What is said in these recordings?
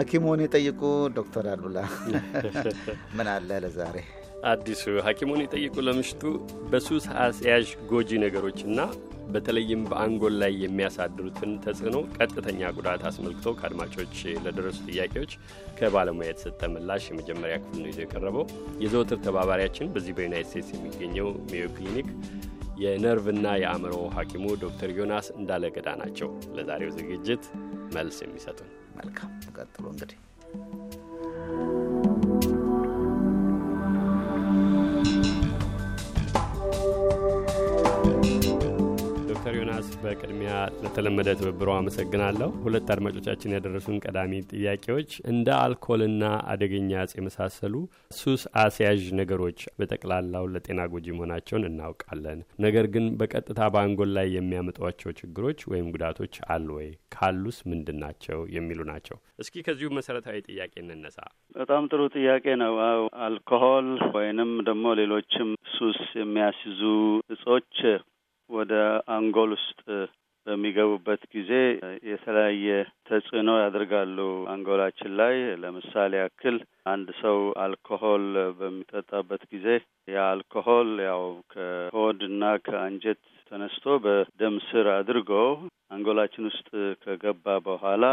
ሐኪሙን የጠይቁ ዶክተር አሉላ ምን አለ ለዛሬ አዲሱ ሐኪሙን የጠይቁ ለምሽቱ በሱስ አስያዥ ጎጂ ነገሮችና በተለይም በአንጎል ላይ የሚያሳድሩትን ተጽዕኖ፣ ቀጥተኛ ጉዳት አስመልክቶ ከአድማጮች ለደረሱ ጥያቄዎች ከባለሙያ የተሰጠ ምላሽ የመጀመሪያ ክፍል ነው ይዞ የቀረበው። የዘወትር ተባባሪያችን በዚህ በዩናይት ስቴትስ የሚገኘው ሜዮ ክሊኒክ የነርቭና የአእምሮ ሐኪሙ ዶክተር ዮናስ እንዳለገዳ ናቸው። ለዛሬው ዝግጅት መልስ የሚሰጡን መልካም ቀጥሎ እንግዲህ ዶክተር ዮናስ በቅድሚያ ለተለመደ ትብብሮ አመሰግናለሁ። ሁለት አድማጮቻችን ያደረሱን ቀዳሚ ጥያቄዎች እንደ አልኮልና አደገኛ እጽ የመሳሰሉ ሱስ አስያዥ ነገሮች በጠቅላላው ለጤና ጎጂ መሆናቸውን እናውቃለን። ነገር ግን በቀጥታ በአንጎል ላይ የሚያመጧቸው ችግሮች ወይም ጉዳቶች አሉ ወይ? ካሉስ ምንድን ናቸው? የሚሉ ናቸው። እስኪ ከዚሁ መሰረታዊ ጥያቄ እንነሳ። በጣም ጥሩ ጥያቄ ነው። አልኮሆል ወይንም ደግሞ ሌሎችም ሱስ የሚያስይዙ እጾች ወደ አንጎል ውስጥ በሚገቡበት ጊዜ የተለያየ ተጽዕኖ ያደርጋሉ አንጎላችን ላይ። ለምሳሌ ያክል አንድ ሰው አልኮሆል በሚጠጣበት ጊዜ ያ አልኮሆል ያው ከሆድ እና ከአንጀት ተነስቶ በደም ስር አድርጎ አንጎላችን ውስጥ ከገባ በኋላ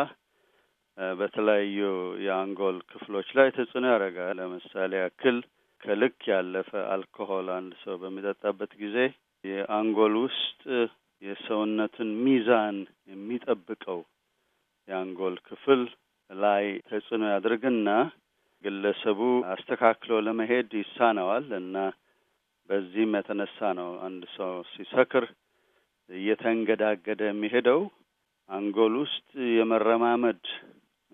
በተለያዩ የአንጎል ክፍሎች ላይ ተጽዕኖ ያደርጋል። ለምሳሌ ያክል ከልክ ያለፈ አልኮሆል አንድ ሰው በሚጠጣበት ጊዜ የአንጎል ውስጥ የሰውነትን ሚዛን የሚጠብቀው የአንጎል ክፍል ላይ ተጽዕኖ ያደርግና ግለሰቡ አስተካክሎ ለመሄድ ይሳነዋል እና በዚህም የተነሳ ነው አንድ ሰው ሲሰክር እየተንገዳገደ የሚሄደው አንጎል ውስጥ የመረማመድ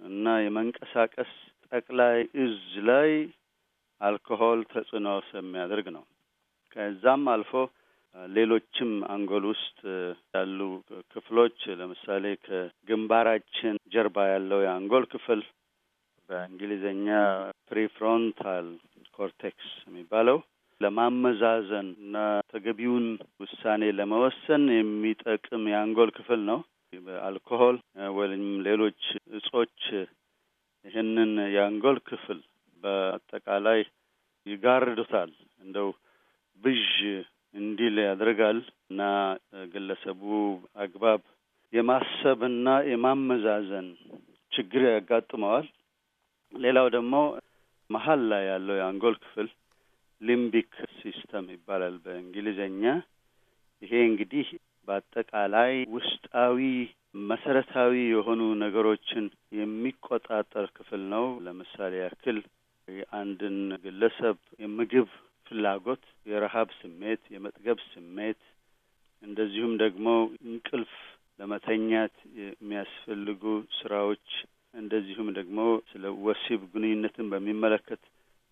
እና የመንቀሳቀስ ጠቅላይ እዝ ላይ አልኮሆል ተጽዕኖ የሚያደርግ ነው። ከዛም አልፎ ሌሎችም አንጎል ውስጥ ያሉ ክፍሎች ለምሳሌ ከግንባራችን ጀርባ ያለው የአንጎል ክፍል በእንግሊዝኛ ፕሪፍሮንታል ኮርቴክስ የሚባለው ለማመዛዘን እና ተገቢውን ውሳኔ ለመወሰን የሚጠቅም የአንጎል ክፍል ነው። አልኮሆል ወይም ሌሎች እጾች ይህንን የአንጎል ክፍል በአጠቃላይ ይጋርዱታል። እንደው ብዥ ያደርጋል እና ግለሰቡ አግባብ የማሰብና የማመዛዘን ችግር ያጋጥመዋል። ሌላው ደግሞ መሀል ላይ ያለው የአንጎል ክፍል ሊምቢክ ሲስተም ይባላል በእንግሊዝኛ። ይሄ እንግዲህ በአጠቃላይ ውስጣዊ መሰረታዊ የሆኑ ነገሮችን የሚቆጣጠር ክፍል ነው። ለምሳሌ ያክል የአንድን ግለሰብ የምግብ ፍላጎት፣ የረሀብ ስሜት፣ የመጥገብ ስሜት እንደዚሁም ደግሞ እንቅልፍ ለመተኛት የሚያስፈልጉ ስራዎች እንደዚሁም ደግሞ ስለ ወሲብ ግንኙነትን በሚመለከት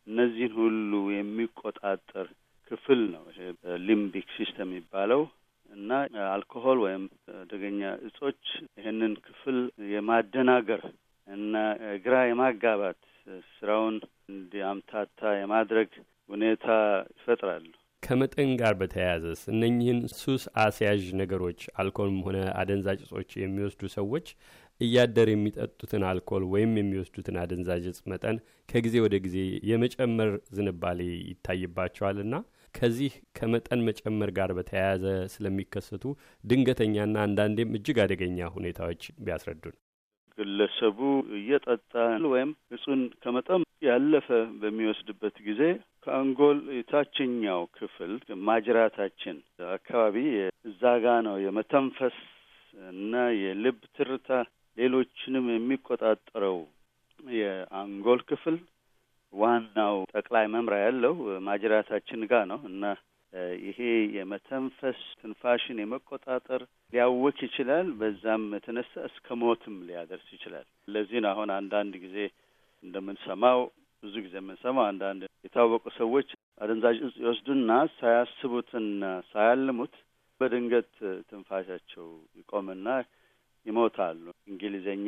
እነዚህን ሁሉ የሚቆጣጠር ክፍል ነው ሊምቢክ ሲስተም የሚባለው እና አልኮሆል ወይም አደገኛ እጾች ይህንን ክፍል የማደናገር እና ግራ የማጋባት ስራውን እንዲያምታታ የማድረግ ሁኔታ ይፈጥራሉ። ከመጠን ጋር በተያያዘስ እነኚህን ሱስ አስያዥ ነገሮች አልኮልም ሆነ አደንዛዥ እጾች የሚወስዱ ሰዎች እያደር የሚጠጡትን አልኮል ወይም የሚወስዱትን አደንዛዥ እጽ መጠን ከጊዜ ወደ ጊዜ የመጨመር ዝንባሌ ይታይባቸዋልና ከዚህ ከመጠን መጨመር ጋር በተያያዘ ስለሚከሰቱ ድንገተኛና አንዳንዴም እጅግ አደገኛ ሁኔታዎች ቢያስረዱን። ግለሰቡ እየጠጣ ወይም እጹን ከመጠን ያለፈ በሚወስድበት ጊዜ ከአንጎል የታችኛው ክፍል ማጅራታችን አካባቢ እዛ ጋ ነው የመተንፈስ እና የልብ ትርታ ሌሎችንም የሚቆጣጠረው የአንጎል ክፍል ዋናው ጠቅላይ መምሪያ ያለው ማጅራታችን ጋ ነው እና ይሄ የመተንፈስ ትንፋሽን የመቆጣጠር ሊያወክ ይችላል። በዛም የተነሳ እስከ ሞትም ሊያደርስ ይችላል። ለዚህ ነው አሁን አንዳንድ ጊዜ እንደምንሰማው ብዙ ጊዜ የምንሰማው አንዳንድ የታወቁ ሰዎች አደንዛዥ እጽ ይወስዱና ሳያስቡትና ሳያልሙት በድንገት ትንፋሻቸው ይቆምና ይሞታሉ። እንግሊዝኛ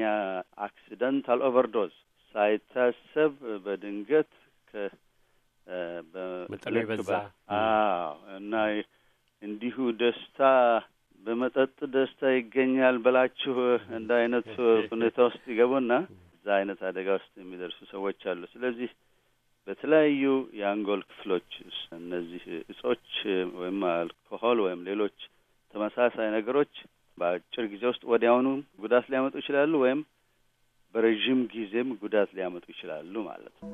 አክሲደንታል ኦቨርዶዝ ሳይታሰብ በድንገት በመጠጥ እና እንዲሁ ደስታ በመጠጥ ደስታ ይገኛል ብላችሁ እንደ አይነት ሁኔታ ውስጥ ይገቡና እዛ አይነት አደጋ ውስጥ የሚደርሱ ሰዎች አሉ። ስለዚህ በተለያዩ የአንጎል ክፍሎች እነዚህ እጾች ወይም አልኮሆል ወይም ሌሎች ተመሳሳይ ነገሮች በአጭር ጊዜ ውስጥ ወዲያውኑ ጉዳት ሊያመጡ ይችላሉ ወይም በረዥም ጊዜም ጉዳት ሊያመጡ ይችላሉ ማለት ነው።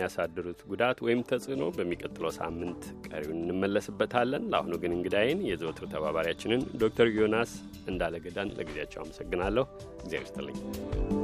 የሚያሳድሩት ጉዳት ወይም ተጽዕኖ በሚቀጥለው ሳምንት ቀሪውን እንመለስበታለን። ለአሁኑ ግን እንግዳይን የዘወትር ተባባሪያችንን ዶክተር ዮናስ እንዳለገዳን ለጊዜያቸው አመሰግናለሁ። እግዚአብሔር ይስጥልኝ።